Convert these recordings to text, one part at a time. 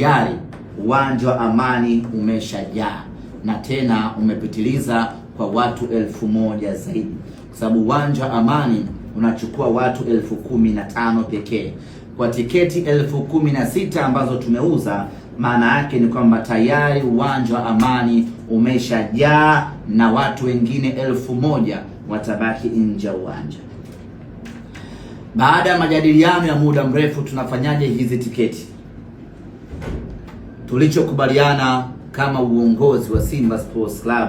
tayari uwanja wa Amani umeshajaa na tena umepitiliza kwa watu elfu moja zaidi, kwa sababu uwanja wa Amani unachukua watu elfu kumi na tano pekee kwa tiketi elfu kumi na sita ambazo tumeuza. Maana yake ni kwamba tayari uwanja wa Amani umeshajaa na watu wengine elfu moja watabaki nje ya uwanja. Baada ya majadiliano ya muda mrefu, tunafanyaje hizi tiketi? Tulichokubaliana kama uongozi wa Simba Sports Club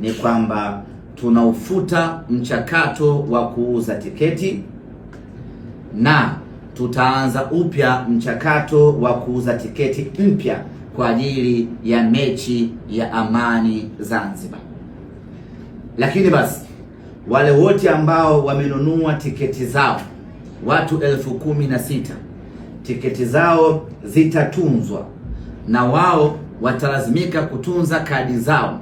ni kwamba tunaufuta mchakato wa kuuza tiketi na tutaanza upya mchakato wa kuuza tiketi mpya kwa ajili ya mechi ya Amani Zanzibar. Lakini basi wale wote ambao wamenunua tiketi zao watu elfu kumi na sita tiketi zao zitatunzwa na wao watalazimika kutunza kadi zao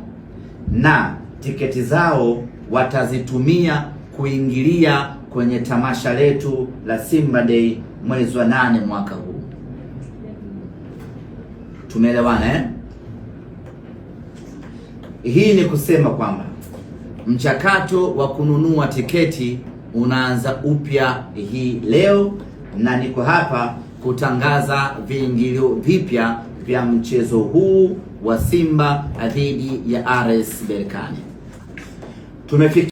na tiketi zao watazitumia kuingilia kwenye tamasha letu la Simba Day mwezi wa nane mwaka huu. Tumeelewana eh? Hii ni kusema kwamba mchakato wa kununua tiketi unaanza upya hii leo, na niko hapa kutangaza viingilio vipya vya mchezo huu wa Simba dhidi ya RS Berkane Tumefika